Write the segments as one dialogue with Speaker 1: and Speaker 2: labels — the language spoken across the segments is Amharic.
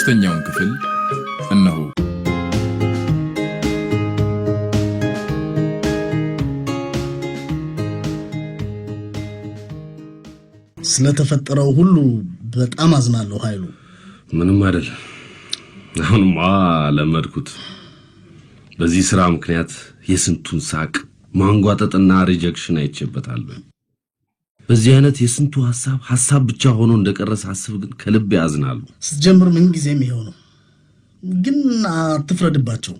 Speaker 1: ሶስተኛውን ክፍል እነሆ። ስለተፈጠረው ሁሉ በጣም አዝናለሁ ኃይሉ።
Speaker 2: ምንም አይደል። አሁንማ ለመድኩት። በዚህ ስራ ምክንያት የስንቱን ሳቅ ማንጓጠጥና ሪጀክሽን አይቼበታለሁ። በዚህ አይነት የስንቱ ሀሳብ ሀሳብ ብቻ ሆኖ እንደቀረ ሳስብ ግን ከልብ ያዝናሉ።
Speaker 1: ስትጀምር ጊዜም ይኸው ነው። ግን አትፍረድባቸው፣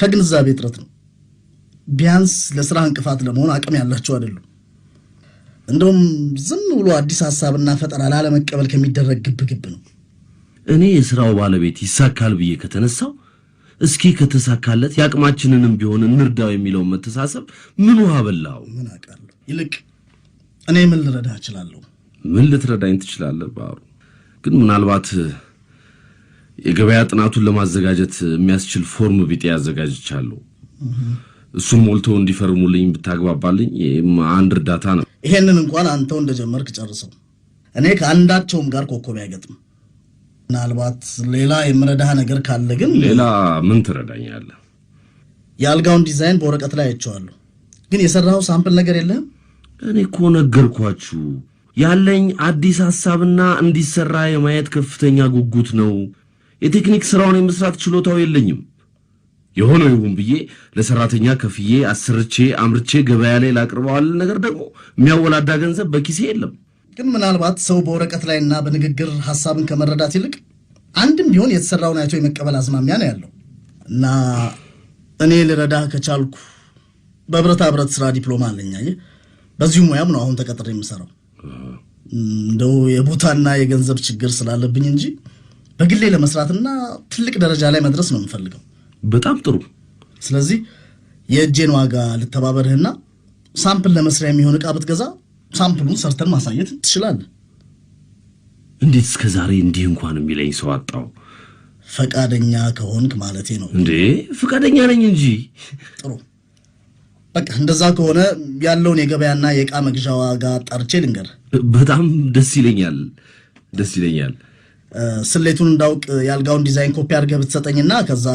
Speaker 1: ከግንዛቤ እጥረት ነው። ቢያንስ ለስራ እንቅፋት ለመሆን አቅም ያላቸው አይደሉም። እንደውም ዝም ብሎ አዲስ ሀሳብና ፈጠራ ላለመቀበል ከሚደረግ ግብ ግብ ነው።
Speaker 2: እኔ የስራው ባለቤት ይሳካል ብዬ ከተነሳው እስኪ ከተሳካለት የአቅማችንንም ቢሆን እንርዳው የሚለውን መተሳሰብ ምን ውሃ በላው። ምን
Speaker 1: አውቃለሁ። ይልቅ እኔ ምን ልረዳ እችላለሁ?
Speaker 2: ምን ልትረዳኝ ትችላለህ? ባህሩ ግን ምናልባት የገበያ ጥናቱን ለማዘጋጀት የሚያስችል ፎርም ቢጤ ያዘጋጅቻለሁ። እሱን ሞልቶ እንዲፈርሙልኝ ብታግባባልኝ ይህም አንድ እርዳታ
Speaker 1: ነው። ይሄንን እንኳን አንተው እንደጀመርክ ጨርሰው። እኔ ከአንዳቸውም ጋር ኮከብ አይገጥም። ምናልባት ሌላ የምረዳህ ነገር ካለ ግን።
Speaker 2: ሌላ ምን ትረዳኛለህ?
Speaker 1: የአልጋውን ዲዛይን በወረቀት ላይ አይቼዋለሁ፣ ግን የሰራኸው ሳምፕል
Speaker 2: ነገር የለህም? እኔ እኮ ነገርኳችሁ ያለኝ አዲስ ሐሳብና እንዲሰራ የማየት ከፍተኛ ጉጉት ነው። የቴክኒክ ሥራውን የመሥራት ችሎታው የለኝም። የሆነው ይሁን ብዬ ለሠራተኛ ከፍዬ አስርቼ አምርቼ ገበያ ላይ ላቅርበዋል። ነገር ደግሞ የሚያወላዳ ገንዘብ
Speaker 1: በኪሴ የለም። ግን ምናልባት ሰው በወረቀት ላይና በንግግር ሐሳብን ከመረዳት ይልቅ አንድም ቢሆን የተሠራውን አይቶ የመቀበል አዝማሚያ ነው ያለው እና እኔ ልረዳህ ከቻልኩ በብረታ ብረት ሥራ ዲፕሎማ አለኝ በዚሁ ሙያም ነው አሁን ተቀጥሬ የምሰራው። እንደው የቦታና የገንዘብ ችግር ስላለብኝ እንጂ በግሌ ለመስራትና ትልቅ ደረጃ ላይ መድረስ ነው የምፈልገው። በጣም ጥሩ። ስለዚህ የእጄን ዋጋ ልተባበርህና ሳምፕል ለመስሪያ የሚሆን እቃ ብትገዛ ሳምፕሉን ሰርተን ማሳየት
Speaker 2: ትችላለህ። እንዴት እስከ ዛሬ እንዲህ እንኳን የሚለኝ ሰው
Speaker 1: አጣው? ፈቃደኛ ከሆንክ ማለቴ ነው። እንዴ
Speaker 2: ፈቃደኛ ነኝ እንጂ።
Speaker 1: ጥሩ በቃ እንደዛ ከሆነ ያለውን የገበያና የእቃ መግዣ ዋጋ ጠርቼ
Speaker 2: ልንገር። በጣም ደስ ይለኛል፣ ደስ
Speaker 1: ይለኛል። ስሌቱን እንዳውቅ የአልጋውን ዲዛይን ኮፒ አድርገህ ብትሰጠኝና ከዛ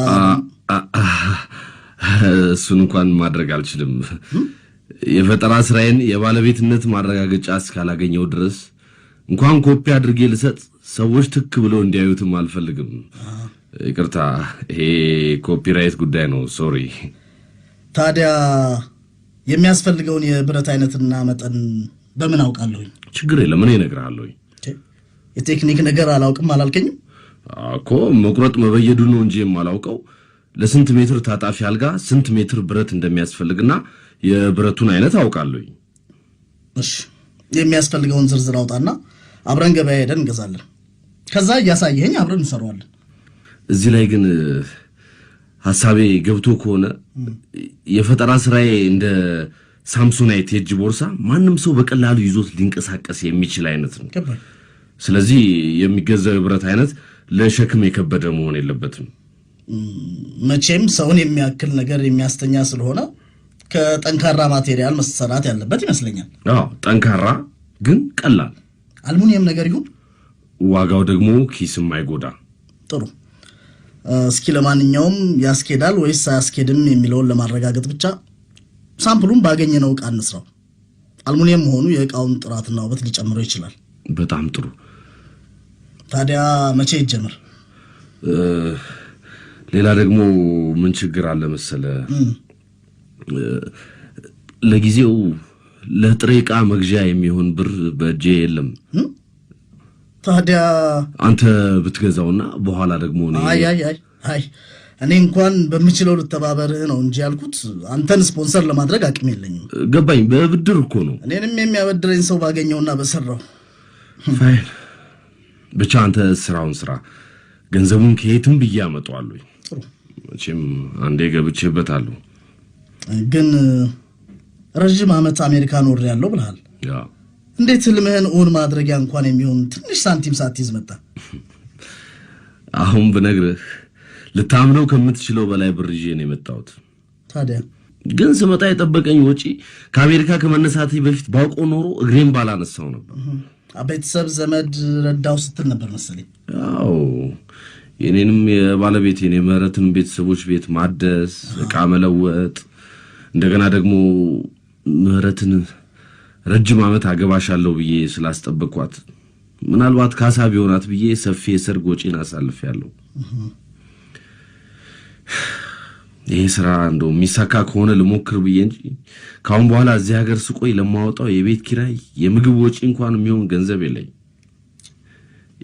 Speaker 2: እሱን እንኳን ማድረግ አልችልም። የፈጠራ ስራዬን የባለቤትነት ማረጋገጫ እስካላገኘው ድረስ እንኳን ኮፒ አድርጌ ልሰጥ ሰዎች ትክ ብለው እንዲያዩትም አልፈልግም። ይቅርታ፣ ይሄ ኮፒራይት ጉዳይ ነው።
Speaker 1: ሶሪ ታዲያ የሚያስፈልገውን የብረት አይነትና መጠን በምን
Speaker 2: አውቃለሁኝ? ችግር የለም እኔ እነግርሃለሁኝ።
Speaker 1: የቴክኒክ ነገር አላውቅም
Speaker 2: አላልከኝም እኮ። መቁረጥ መበየዱ ነው እንጂ የማላውቀው ለስንት ሜትር ታጣፊ አልጋ ስንት ሜትር ብረት እንደሚያስፈልግና የብረቱን አይነት አውቃለሁኝ።
Speaker 1: እሺ የሚያስፈልገውን ዝርዝር አውጣና አብረን ገበያ ሄደን እንገዛለን። ከዛ እያሳየኸኝ አብረን
Speaker 2: እንሰራዋለን። እዚህ ላይ ግን ሀሳቤ ገብቶ ከሆነ የፈጠራ ስራዬ እንደ ሳምሶናይት የእጅ ቦርሳ ማንም ሰው በቀላሉ ይዞት ሊንቀሳቀስ የሚችል አይነት ነው። ስለዚህ የሚገዛው የብረት አይነት ለሸክም የከበደ መሆን
Speaker 1: የለበትም። መቼም ሰውን የሚያክል ነገር የሚያስተኛ ስለሆነ ከጠንካራ ማቴሪያል መሰራት
Speaker 2: ያለበት ይመስለኛል። አዎ ጠንካራ ግን ቀላል አልሙኒየም ነገር ይሁን፣ ዋጋው ደግሞ ኪስ አይጎዳ።
Speaker 1: ጥሩ እስኪ ለማንኛውም ያስኬዳል ወይስ አያስኬድም የሚለውን ለማረጋገጥ ብቻ ሳምፕሉን ባገኘነው እቃ እንስራው። አልሙኒየም መሆኑ የእቃውን ጥራትና ውበት ሊጨምረው
Speaker 2: ይችላል። በጣም
Speaker 1: ጥሩ። ታዲያ መቼ ይጀምር?
Speaker 2: ሌላ ደግሞ ምን ችግር አለ መሰለ፣ ለጊዜው ለጥሬ ዕቃ መግዣ የሚሆን ብር በእጄ የለም። ታዲያ አንተ ብትገዛውና በኋላ ደግሞ
Speaker 1: አይ አይ አይ እኔ እንኳን በምችለው ልተባበርህ ነው እንጂ ያልኩት አንተን ስፖንሰር ለማድረግ አቅም የለኝም። ገባኝ። በብድር እኮ ነው። እኔንም የሚያበድረኝ ሰው ባገኘውና በሰራው
Speaker 2: ፋይል። ብቻ አንተ ስራውን ስራ፣ ገንዘቡን ከየትም ብዬ አመጣዋለሁ። መቼም አንዴ
Speaker 1: ገብቼበታለሁ። ግን ረዥም ዓመት አሜሪካን ወር ያለው ብልሃል እንዴት ህልምህን እውን ማድረጊያ እንኳን የሚሆን ትንሽ ሳንቲም
Speaker 2: ሳትይዝ መጣ? አሁን ብነግርህ ልታምነው ከምትችለው በላይ ብር ይዤ ነው የመጣሁት። ታዲያ ግን ስመጣ የጠበቀኝ ወጪ ከአሜሪካ ከመነሳቴ በፊት ባውቆ ኖሮ እግሬን
Speaker 1: ባላነሳው ነበር። ቤተሰብ ዘመድ ረዳው ስትል ነበር መሰለኝ።
Speaker 2: አዎ የኔንም የባለቤቴን የምህረትን ቤተሰቦች ቤት ማደስ፣ እቃ መለወጥ፣ እንደገና ደግሞ ምህረትን ረጅም ዓመት አገባሻለሁ ብዬ ስላስጠበቅኳት ምናልባት ካሳ ቢሆናት ብዬ ሰፊ የሰርግ ወጪን አሳልፌያለሁ። ይሄ ስራ እንደው የሚሳካ ከሆነ ልሞክር ብዬ እንጂ ካሁን በኋላ እዚህ ሀገር ስቆይ ለማወጣው የቤት ኪራይ፣ የምግብ ወጪ እንኳን የሚሆን ገንዘብ የለኝ።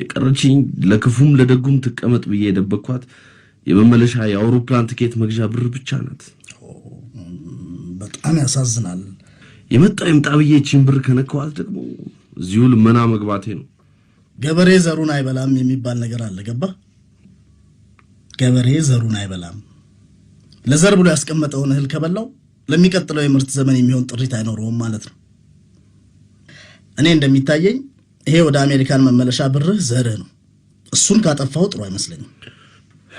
Speaker 2: የቀረችኝ ለክፉም ለደጉም ትቀመጥ ብዬ የደበቅኳት የመመለሻ የአውሮፕላን ትኬት መግዣ ብር ብቻ
Speaker 1: ናት። በጣም ያሳዝናል።
Speaker 2: የመጣ ይምጣ ብዬ ይህችን ብር ከነካኋት ደግሞ እዚሁ ልመና መግባቴ ነው።
Speaker 1: ገበሬ ዘሩን አይበላም የሚባል ነገር አለ። ገባ? ገበሬ ዘሩን አይበላም። ለዘር ብሎ ያስቀመጠውን እህል ከበላው ለሚቀጥለው የምርት ዘመን የሚሆን ጥሪት አይኖረውም ማለት ነው። እኔ እንደሚታየኝ ይሄ ወደ አሜሪካን መመለሻ ብርህ ዘርህ ነው። እሱን ካጠፋው ጥሩ
Speaker 2: አይመስለኝም።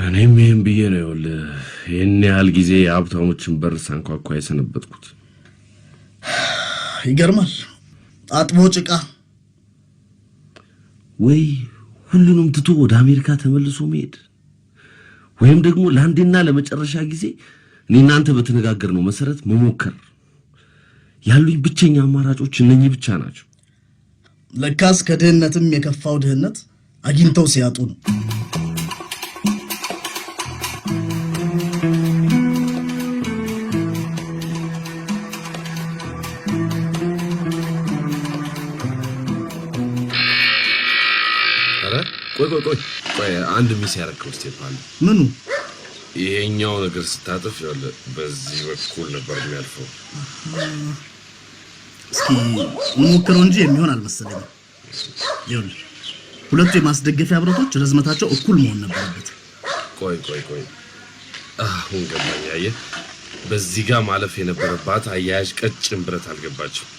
Speaker 2: እኔም ይህም ብዬ ነው ይኸውልህ፣ ይህን ያህል ጊዜ የሀብታሞችን በር ሳንኳኳ
Speaker 1: የሰነበጥኩት ይገርማል። አጥቦ
Speaker 2: ጭቃ ወይ ሁሉንም ትቶ ወደ አሜሪካ ተመልሶ መሄድ ወይም ደግሞ ለአንዴና ለመጨረሻ ጊዜ እኔ እናንተ ነው መሰረት መሞከር። ያሉኝ ብቸኛ አማራጮች
Speaker 1: እነኚህ ብቻ ናቸው። ለካስ ከድህነትም የከፋው ድህነት አግኝተው ሲያጡ ነው።
Speaker 2: ቆይ ቆይ፣ አንድ ሚስ ያረከው ስቴፋን፣ ምኑ? ይሄኛው ነገር ስታጥፍ ያለ በዚህ በኩል ነበር የሚያልፈው።
Speaker 1: እስኪ እንሞክረው እንጂ የሚሆን አልመሰለኝም። ይሁን ሁለቱ የማስደገፊያ ብረቶች ርዝመታቸው እኩል
Speaker 2: መሆን ነበረበት። ቆይ ቆይ ቆይ፣ አሁን ገባኝ። አየህ፣ በዚህ ጋር ማለፍ የነበረባት አያያዥ ቀጭን ብረት አልገባችም።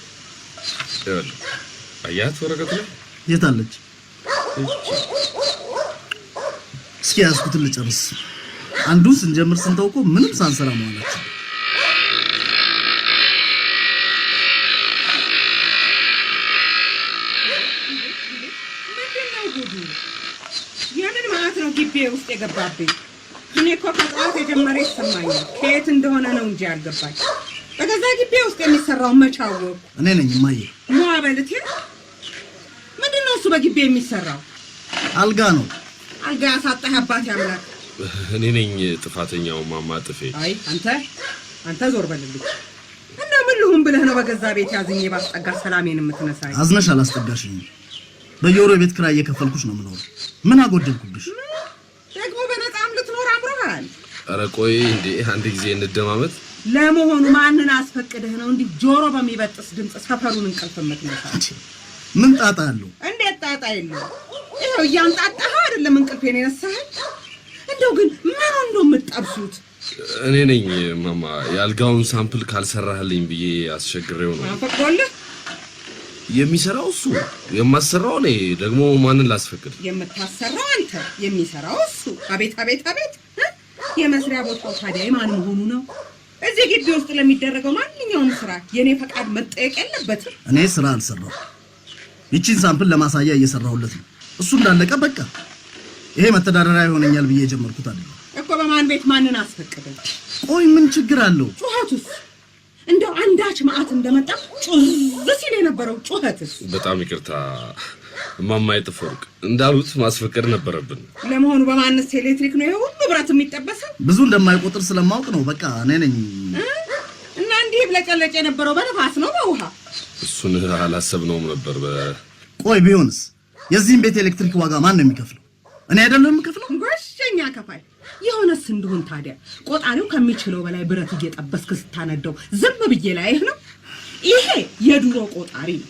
Speaker 2: ይኸውልህ አያት፣ ወረቀቱ
Speaker 1: ላይ የታለች? እስኪ ያዝኩትን ልጨርስ። አንዱን ስንጀምር ስንተው ምንም ሳንሰራ መዋላችን
Speaker 3: የምን ማለት ግቢ ውስጥ የገባብኝ እኔ እኮ ከጠዋት የጀመረ ይሰማኛል። ከየት እንደሆነ ነው እንጂ ያልገባኝ በገዛ ግቢ ውስጥ የሚሰራው መቻወ እኔ ነኝ እማዬ። ሟ በልቴ ምንድን ነው እሱ በግቢ የሚሰራው አልጋ ነው አድርጋ ያሳጣህ አባት ያምላክ።
Speaker 2: እኔ ነኝ ጥፋተኛው
Speaker 3: ማማ ጥፌ። አይ አንተ አንተ ዞር በልልኝ እና ምን ልሁን ብለህ ነው በገዛ ቤት ያዝኝ ባስጠጋ
Speaker 1: ሰላሜን የምትነሳኝ? አዝነሽ አላስጠጋሽኝ። በየወሩ የቤት ክራይ እየከፈልኩሽ ነው የምኖር። ምን
Speaker 3: አጎደልኩብሽ? ደግሞ በነፃም ልትኖር አምሮሃል።
Speaker 2: ኧረ ቆይ እንዴ አንድ ጊዜ
Speaker 1: እንደማመት። ለመሆኑ ማንን አስፈቅደህ ነው እንዲህ ጆሮ በሚበጥስ ድምፅ ሰፈሩን እንቅልፍ የምትነሳ? ምን ጣጣ
Speaker 3: አለው? እንዴት ጣጣ የለውም ይኸው እያንጣጣህ አይደለም እንቅልፌን የነሳኸኝ። እንደው ግን ምኑ እንደው የምጠብሱት
Speaker 2: እኔ ነኝ ማማ። የአልጋውን ሳምፕል ካልሰራህልኝ ብዬ አስቸግሬው ነው። ፈቅዶልህ የሚሰራው እሱ የማሰራው እኔ። ደግሞ ማንን ላስፈቅድ?
Speaker 3: የምታሰራው አንተ፣ የሚሰራው እሱ። አቤት አቤት አቤት! የመስሪያ ቦታው ታዲያ የማን መሆኑ ነው? እዚህ ግቢ ውስጥ ለሚደረገው ማንኛውም ስራ የእኔ ፈቃድ መጠየቅ
Speaker 1: የለበትም። እኔ ስራ አልሰራው፣ ይቺን ሳምፕል ለማሳያ እየሰራሁለት ነው። እሱ እንዳለቀ በቃ ይሄ መተዳደሪያ ይሆነኛል ብዬ የጀመርኩት
Speaker 3: አይደለም እኮ። በማን ቤት ማንን አስፈቅደ? ቆይ ምን ችግር አለው? ጩኸቱስ እንደው አንዳች መዓት እንደመጣ ጩዝ ሲል የነበረው ጩኸትስ።
Speaker 2: በጣም ይቅርታ እማማ የጥፈወርቅ እንዳሉት ማስፈቀድ
Speaker 3: ነበረብን። ለመሆኑ በማንስ ኤሌክትሪክ ነው ይሄ ሁሉ ብረት የሚጠበሰው?
Speaker 1: ብዙ እንደማይቆጥር ስለማውቅ ነው። በቃ
Speaker 3: እኔ ነኝ እና እንዲህ ብለጨለጭ የነበረው በነፋስ ነው በውሃ?
Speaker 2: እሱን አላሰብነውም ነበር።
Speaker 1: ቆይ ቢሆንስ የዚህም ቤት ኤሌክትሪክ ዋጋ ማን ነው የሚከፍለው? እኔ አይደለም የምከፍለው። ጎሸኛ ከፋይ የሆነስ እንደሆን ታዲያ ቆጣሪው ከሚችለው በላይ ብረት እየጠበስክ ስታነደው ዝም ብዬ ላይ ነው። ይሄ የድሮ ቆጣሪ ነው።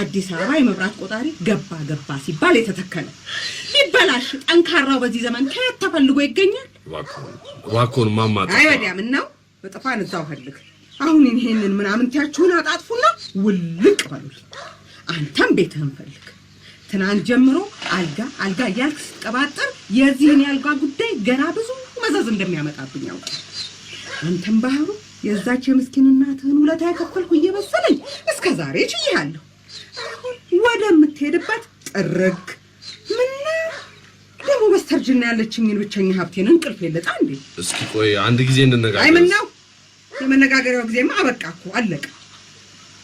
Speaker 1: አዲስ አበባ የመብራት ቆጣሪ ገባ ገባ ሲባል የተተከለ ሊበላሽ፣ ጠንካራው በዚህ ዘመን ከየት ተፈልጎ
Speaker 2: ይገኛል? ዋኮን ማማ
Speaker 3: አይ ወዲያ ምን ነው በጥፋን እዛው ፈልግ። አሁን ይሄንን ምናምን ታያችሁን አጣጥፉና ውልቅ በሉት። አንተም ቤትህን ፈልግ ትናንት ጀምሮ አልጋ አልጋ እያልክ ስትቀባጠር የዚህን ያልጋ ጉዳይ ገና ብዙ መዘዝ እንደሚያመጣብኝ ያውቃል። አንተም ባህሩ የዛች የምስኪን እናትህን ውለታ የከፈልኩ እየመሰለኝ እስከ ዛሬ ችያለሁ። አሁን ወደ የምትሄድበት ጥርግ ምና ደግሞ በስተርጅና የሚል ብቸኛ ሀብቴን እንቅልፍ የለጣ እንዴ? እስኪ ቆይ አንድ ጊዜ እንነጋገር። አይ ምነው የመነጋገሪያው ጊዜማ አበቃ እኮ አለቀ።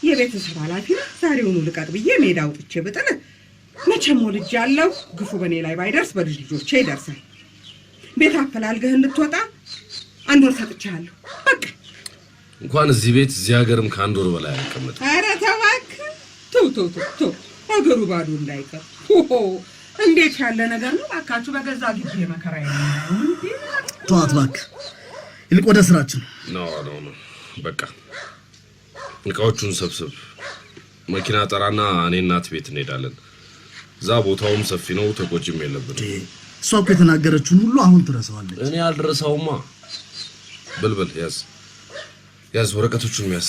Speaker 3: የቤተሰብ ኃላፊ ዛሬውኑ ልቀቅ ብዬ ሜዳ አውጥቼ ብጥልህ መቼም ወልጅ ያለው ግፉ በእኔ ላይ ባይደርስ በልጅ ልጆቼ ይደርሳል። ቤት አፈላልገህ እንድትወጣ አንድ ወር ሰጥቻለሁ።
Speaker 2: በቃ እንኳን እዚህ ቤት እዚህ ሀገርም ከአንድ ወር በላይ አይቀመጥም። ኧረ
Speaker 3: እባክህ ተው ተው ተው፣ ሀገሩ ባዶ እንዳይቀር። እንዴት ያለ ነገር ነው እባካችሁ! በገዛ ግቢ
Speaker 1: የመከራ ተዋት እባክህ። ይልቅ ወደ ስራችን
Speaker 2: ነው። በቃ እቃዎቹን ሰብስብ፣ መኪና ጠራና እኔ እናት ቤት እንሄዳለን። እዛ ቦታውም ሰፊ ነው፣
Speaker 1: ተቆጭም የለብን። እሷ እኮ የተናገረችውን ሁሉ አሁን
Speaker 2: ትረሳዋለች። እኔ አልረሳውማ። ብልብል ያዝ ያዝ፣ ወረቀቶቹን ያዝ፣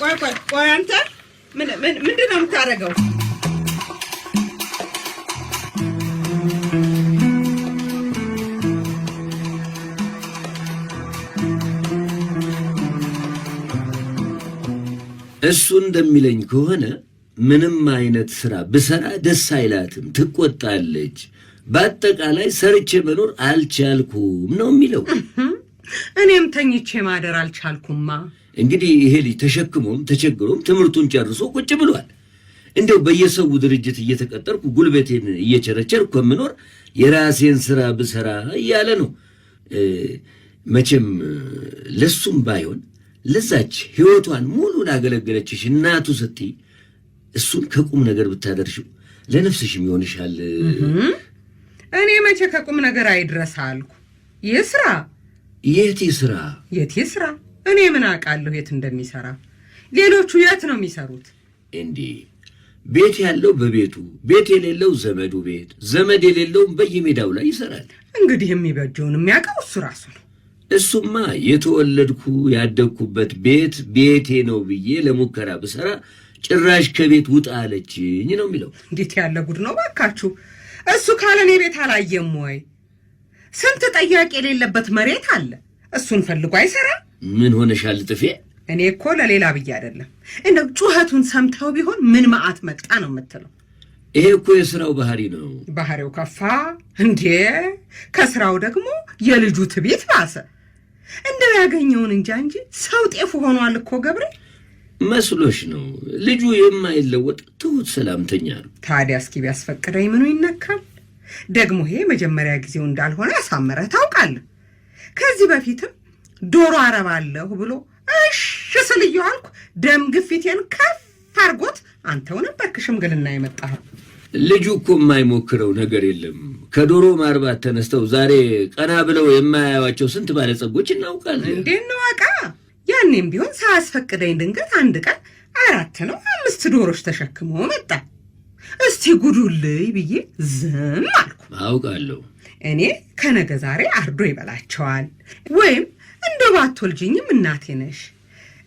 Speaker 3: ቆይ ቆይ ቆይ፣ አንተ ምንድን ነው የምታደርገው?
Speaker 2: እሱ እንደሚለኝ ከሆነ ምንም አይነት ስራ ብሰራ ደስ አይላትም፣ ትቆጣለች። በአጠቃላይ ሰርቼ መኖር አልቻልኩም ነው የሚለው።
Speaker 3: እኔም ተኝቼ ማደር አልቻልኩማ።
Speaker 2: እንግዲህ ይሄ ልጅ ተሸክሞም ተቸግሮም ትምህርቱን ጨርሶ ቁጭ ብሏል። እንደው በየሰው ድርጅት እየተቀጠርኩ ጉልበቴን እየቸረቸር ከምኖር የራሴን ስራ ብሰራ እያለ ነው። መቼም ለሱም ባይሆን ለዛች ህይወቷን ሙሉን አገለገለችሽ እናቱ ስትይ እሱን ከቁም ነገር ብታደርሽው ለነፍስሽም
Speaker 3: ይሆንሻል። እኔ መቼ ከቁም ነገር አይድረስ አልኩ። ይህ ስራ የቲ ስራ የቲ ስራ እኔ ምን አውቃለሁ የት እንደሚሰራ ሌሎቹ የት ነው
Speaker 2: የሚሰሩት? እንዴ ቤት ያለው በቤቱ ቤት የሌለው ዘመዱ ቤት ዘመድ የሌለውም በየሜዳው ላይ ይሰራል።
Speaker 3: እንግዲህ የሚበጀውን የሚያውቀው እሱ
Speaker 2: ራሱ ነው። እሱማ የተወለድኩ ያደግኩበት ቤት ቤቴ ነው ብዬ ለሙከራ ብሰራ ጭራሽ ከቤት ውጣ አለችኝ ነው የሚለው።
Speaker 3: እንዴት ያለ ጉድ ነው ባካችሁ! እሱ ካለ እኔ ቤት አላየም ወይ? ስንት ጠያቂ የሌለበት መሬት አለ። እሱን ፈልጎ አይሰራም። ምን ሆነሻል ጥፌ? እኔ እኮ ለሌላ ብዬ አይደለም። እንደው ጩኸቱን ሰምተው ቢሆን ምን መዓት መጣ
Speaker 2: ነው የምትለው? ይሄ እኮ የስራው
Speaker 3: ባህሪ ነው። ባህሪው ከፋ እንዴ! ከስራው ደግሞ የልጁ ትቢት ባሰ። እንደው ያገኘውን እንጃ እንጂ ሰው ጤፉ ሆኗል እኮ
Speaker 2: ገብሬ መስሎሽ ነው? ልጁ የማይለወጥ ትሁት ሰላምተኛ ነው።
Speaker 3: ታዲያ እስኪ ቢያስፈቅደኝ ምኑ ይነካል? ደግሞ ይሄ መጀመሪያ ጊዜው እንዳልሆነ አሳምረህ ታውቃለህ። ከዚህ በፊትም ዶሮ አረባለሁ ብሎ እሽ ስልየው አልኩ። ደም ግፊቴን ከፍ አርጎት አንተው ነበርክ ሽምግልና የመጣኸው።
Speaker 2: ልጁ እኮ የማይሞክረው ነገር የለም። ከዶሮ ማርባት ተነስተው ዛሬ ቀና ብለው የማያያቸው ስንት ባለጸጎች
Speaker 3: እናውቃለን። እንዴት ነው ያኔም ቢሆን ሳያስፈቅደኝ ድንገት አንድ ቀን አራት ነው አምስት ዶሮች ተሸክሞ መጣ። እስቲ ጉዱልይ ብዬ ዝም አልኩ። አውቃለሁ እኔ ከነገ ዛሬ አርዶ ይበላቸዋል፣ ወይም እንደ ባትወልጅኝም እናቴ ነሽ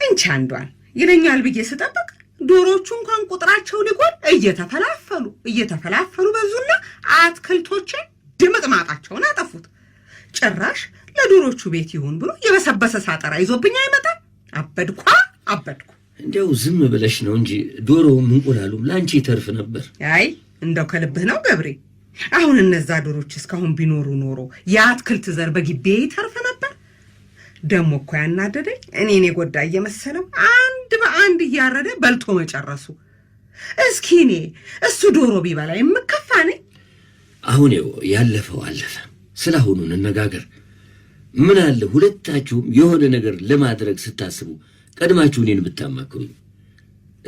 Speaker 3: እንቺ አንዷን ይለኛል ብዬ ስጠብቅ ዶሮቹ እንኳን ቁጥራቸው ሊጎል እየተፈላፈሉ እየተፈላፈሉ በዙና አትክልቶችን ድምጥማጣቸውን አጠፉት ጭራሽ ለዶሮቹ ቤት ይሁን ብሎ የበሰበሰ ሳጠራ ይዞብኝ አይመጣም። አበድኳ
Speaker 2: አበድኩ። እንዲያው ዝም ብለሽ ነው እንጂ ዶሮውም እንቁላሉም ለአንቺ
Speaker 3: ይተርፍ ነበር። አይ እንደው ከልብህ ነው ገብሬ። አሁን እነዛ ዶሮች እስካሁን ቢኖሩ ኖሮ የአትክልት ዘር በግቤ ይተርፍ ነበር። ደሞ እኮ ያናደደኝ እኔን የጎዳ እየመሰለው አንድ በአንድ እያረደ በልቶ መጨረሱ። እስኪ እኔ እሱ ዶሮ ቢበላ የምከፋ
Speaker 2: ነኝ። አሁን ያለፈው አለፈ፣ ስለ አሁኑ እንነጋገር። ምን አለ ሁለታችሁም የሆነ ነገር ለማድረግ ስታስቡ ቀድማችሁ እኔን ብታማክሩኝ።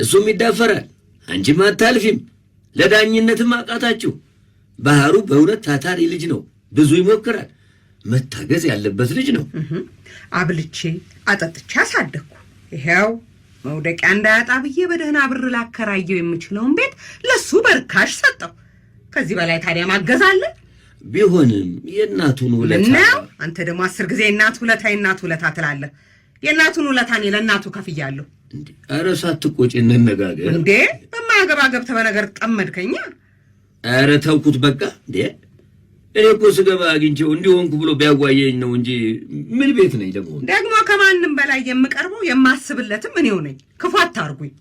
Speaker 2: እሱም ይዳፈራል፣ አንቺም አታልፊም፣ ለዳኝነትም አቃታችሁ። ባህሩ በእውነት ታታሪ ልጅ ነው፣ ብዙ ይሞክራል። መታገዝ ያለበት
Speaker 3: ልጅ ነው። አብልቼ አጠጥቼ አሳደግኩ። ይኸው መውደቂያ እንዳያጣ ብዬ በደህና ብር ላከራየው የምችለውን ቤት ለሱ በርካሽ ሰጠው። ከዚህ በላይ ታዲያ
Speaker 2: ማገዝ አለ? ቢሆንም የእናቱን ውለታ
Speaker 3: አንተ ደግሞ አስር ጊዜ የእናት ውለታ የእናት ውለታ ትላለህ። የእናቱን ውለታ እኔ ለእናቱ
Speaker 2: ከፍያለሁ። ኧረ ሳትቆጪ
Speaker 3: እንነጋገር እንዴ! በማያገባ ገብተህ በነገር ጠመድከኛ።
Speaker 2: ኧረ ተውኩት በቃ። እንዴ እኔ እኮ ስገባ አግኝቼው እንዲሆንኩ ብሎ ቢያጓየኝ ነው እንጂ ምን ቤት
Speaker 3: ነኝ ደግሞ። ደግሞ ከማንም በላይ የምቀርበው የማስብለትም እኔው ነኝ። ክፉ
Speaker 2: አታርጉኝ።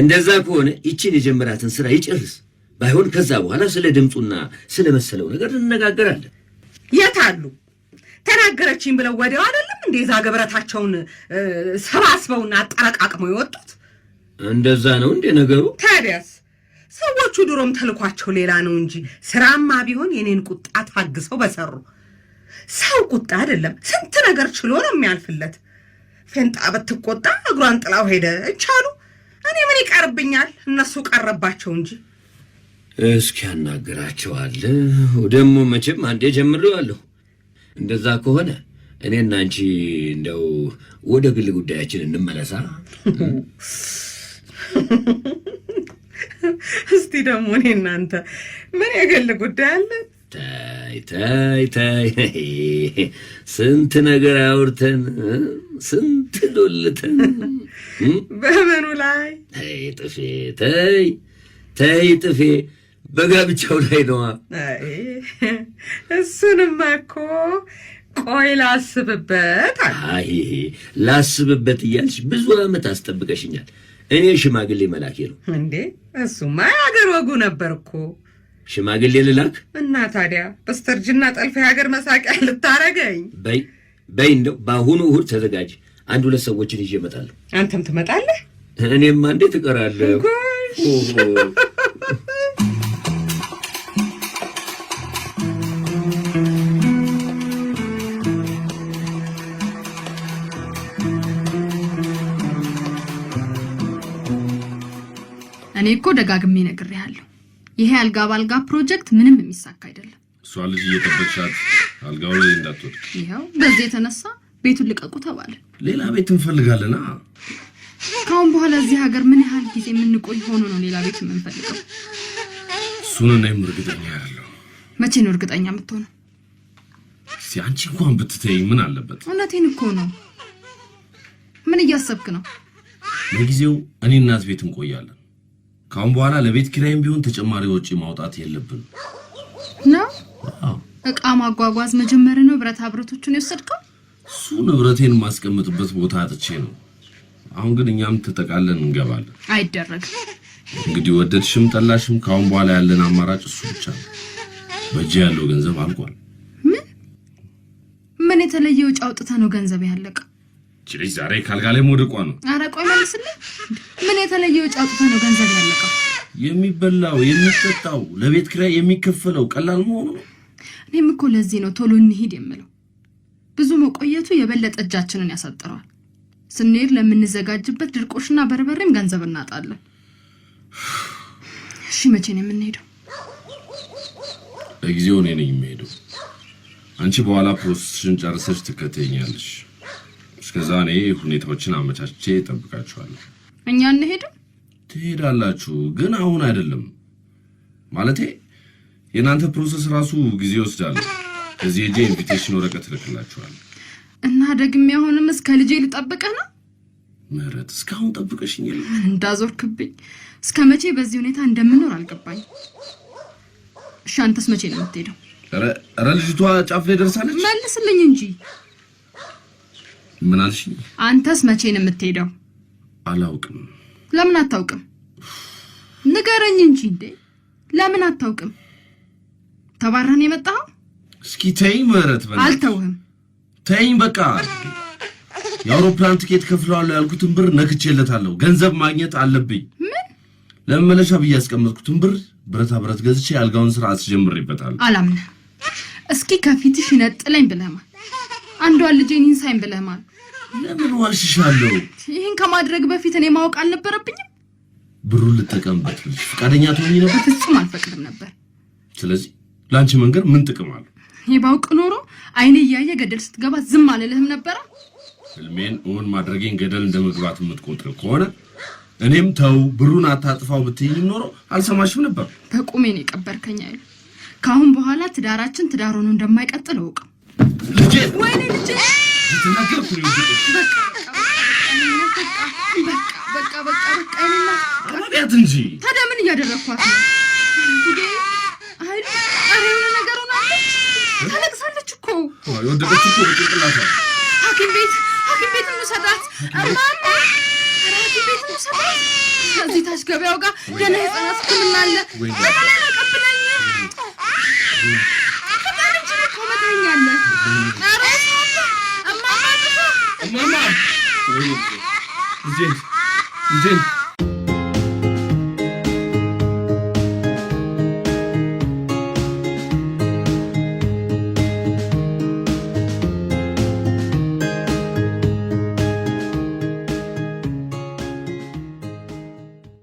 Speaker 2: እንደዛ ከሆነ ይችን የጀመራትን ስራ ይጨርስ። ባይሆን ከዛ በኋላ ስለ ድምፁና ስለ መሰለው ነገር
Speaker 3: እንነጋገራለን። የት አሉ ተናገረችኝ ብለው ወዲያው አይደለም ዛ ገብረታቸውን ሰባስበውና አጠረቃቅመው የወጡት
Speaker 2: እንደዛ ነው እንዴ ነገሩ?
Speaker 3: ታዲያስ ሰዎቹ ድሮም ተልኳቸው ሌላ ነው እንጂ ስራማ ቢሆን የኔን ቁጣ ታግሰው በሰሩ። ሰው ቁጣ አይደለም ስንት ነገር ችሎ ነው የሚያልፍለት። ፌንጣ ብትቆጣ እግሯን ጥላው ሄደ እቻሉ። እኔ ምን ይቀርብኛል? እነሱ ቀረባቸው
Speaker 2: እንጂ እስኪ ያናግራቸዋለሁ። ደግሞ መቼም አንዴ ጀምሬዋለሁ። እንደዛ ከሆነ እኔና አንቺ እንደው ወደ ግል ጉዳያችን እንመለሳ።
Speaker 3: እስቲ ደግሞ እኔ እናንተ ምን የግል ጉዳይ
Speaker 2: አለ? ተይ ተይ ተይ፣ ስንት ነገር አውርተን ስንት ዶልተን
Speaker 3: በምኑ
Speaker 2: ላይ ተይ ጥፌ፣ ተይ ተይ ጥፌ በጋብቻው
Speaker 3: ላይ ነዋ። እሱንም እኮ ቆይ ላስብበት።
Speaker 2: አይ ላስብበት እያልሽ ብዙ ዓመት አስጠብቀሽኛል። እኔ ሽማግሌ
Speaker 3: መላኬ ነው እንዴ? እሱማ የሀገር ወጉ ነበር እኮ ሽማግሌ ልላክ እና ታዲያ በስተርጅና ጠልፈ የሀገር መሳቂያ
Speaker 2: ልታረገኝ። በይ በይ፣ እንደው በአሁኑ እሁድ ተዘጋጅ። አንድ ሁለት
Speaker 3: ሰዎችን ይዤ እመጣለሁ።
Speaker 2: አንተም ትመጣለህ? እኔማ እንዴት እቀራለሁ።
Speaker 4: እኔ እኮ ደጋግሜ ነግሬሃለሁ፣ ይሄ አልጋ በአልጋ ፕሮጀክት ምንም የሚሳካ
Speaker 2: አይደለም። እሷ ልጅ እየጠበቅሻት አልጋው ላይ
Speaker 4: እንዳትወድቅ። ይኸው በዚህ የተነሳ ቤቱን ልቀቁ ተባለ። ሌላ ቤት እንፈልጋለና ከአሁን በኋላ እዚህ ሀገር ምን ያህል ጊዜ የምንቆይ ሆኖ ነው ሌላ ቤት የምንፈልገው?
Speaker 2: እሱን እኔም እርግጠኛ ያለው። መቼ ነው እርግጠኛ የምትሆነው? አንቺ እንኳን ብትተይ
Speaker 4: ምን አለበት? እውነቴን እኮ ነው። ምን እያሰብክ ነው?
Speaker 2: ለጊዜው እኔ እናት ቤት እንቆያለን። ካሁን በኋላ ለቤት ኪራይም ቢሆን ተጨማሪ ወጪ ማውጣት የለብን
Speaker 4: ነው። እቃ ማጓጓዝ መጀመር ነው። ብረታ ብረቶቹን የወሰድከው
Speaker 2: እሱ ንብረቴን ማስቀምጥበት ቦታ አጥቼ ነው። አሁን ግን እኛም ተጠቃለን እንገባለን። አይደረግም። እንግዲህ ወደድሽም ጠላሽም ካሁን በኋላ ያለን አማራጭ እሱ ብቻ ነው። በእጄ ያለው
Speaker 4: ገንዘብ አልቋል። ምን ምን የተለየ ወጪ አውጥተህ ነው
Speaker 2: ገንዘብ ያለቀ ልጅ ዛሬ ካልጋ
Speaker 4: ላይ መውደቋ ነው። ኧረ ቆይ መልስልኝ። ምን የተለየ ወጪ አውጥተህ ነው ገንዘብ
Speaker 2: ያለቀው? የሚበላው የሚጠጣው፣ ለቤት ኪራይ የሚከፈለው
Speaker 4: ቀላል መሆኑ ነው። እኔም እኮ ለዚህ ነው ቶሎ እንሂድ የምለው። ብዙ መቆየቱ የበለጠ እጃችንን ያሳጥረዋል። ስንሄድ ለምንዘጋጅበት ድርቆሽና በርበሬም ገንዘብ እናጣለን። እሺ መቼ ነው
Speaker 2: የምንሄደው? ለጊዜው እኔ ነኝ የሚሄደው። አንቺ በኋላ ፕሮሰስሽን ጨርሰሽ ትከተኛለሽ። እስከዛ እኔ ሁኔታዎችን አመቻችቼ
Speaker 4: እጠብቃችኋለሁ።
Speaker 2: እኛ እንሄድም። ትሄዳላችሁ፣ ግን አሁን አይደለም። ማለቴ የእናንተ ፕሮሰስ ራሱ ጊዜ ይወስዳል። እዚህ ሄጄ ኢንቪቴሽን ወረቀት እልክላችኋለሁ።
Speaker 4: እና ደግሜ አሁንም እስከ ልጄ ልጠብቀ ነው?
Speaker 2: ምህረት፣ እስካሁን ጠብቀሽኝ
Speaker 4: የለ እንዳዞርክብኝ። እስከ መቼ በዚህ ሁኔታ እንደምኖር አልገባኝ። እሺ አንተስ መቼ
Speaker 2: ነው የምትሄደው? ኧረ ልጅቷ ጫፍ ላይ ደርሳለች።
Speaker 4: መልስልኝ እንጂ ምን አልሽ? አንተስ መቼ
Speaker 2: ነው የምትሄደው? አላውቅም።
Speaker 4: ለምን አታውቅም? ንገረኝ እንጂ እንዴ! ለምን አታውቅም? ተባረን የመጣው እስኪ ተይኝ፣ ምህረት በል።
Speaker 2: አልተውህም። ተይኝ በቃ። የአውሮፕላን ትኬት ከፍለዋለሁ ያልኩትን ብር ነክቼለታለሁ። ገንዘብ ማግኘት አለብኝ። ምን ለመመለሻ ብዬ ያስቀመጥኩትን ብር ብረታ ብረት ገዝቼ አልጋውን ስራ አስጀምሬበታለሁ።
Speaker 4: አላምነህ። እስኪ ከፊትሽ ይነጥለኝ ብለማል። አንዷን ልጄን ይንሳኝ
Speaker 2: ብለማል። ለምን ዋሽሻለሁ?
Speaker 4: ይህን ከማድረግ በፊት እኔ ማወቅ
Speaker 2: አልነበረብኝም። ብሩን ልጠቀምበት ብለሽ ፈቃደኛ
Speaker 4: ትሆኚ ነበር? ፍጹም
Speaker 2: አልፈቅድም ነበር። ስለዚህ ለአንቺ መንገር ምን ጥቅም
Speaker 4: አለው? ይህ ባውቅ ኖሮ አይኔ እያየ ገደል ስትገባ ዝም አልልህም ነበረ።
Speaker 2: ህልሜን እውን ማድረጌን ገደል እንደ መግባት ከሆነ እኔም ተው ብሩን አታጥፋው ብትይኝ ኖሮ
Speaker 4: አልሰማሽም ነበር። በቁሜ የቀበርከኝ አይሉ። ከአሁን በኋላ ትዳራችን ትዳር ሆኖ እንደማይቀጥል
Speaker 2: እውቅ ልጄ። ወይኔ ልጄ
Speaker 4: ምን እያደረግኳት ነገር ሆናለች። ታለቅሳለች
Speaker 2: እኮ የወደቀች እኮ በጭንቅላቷ።
Speaker 4: ሐኪም ቤት ሐኪም ቤት እንውሰዳት ከዚህ ታች ገበያው ጋር ገና አለ።
Speaker 2: Mama, Oynamam. Güzel. Güzel.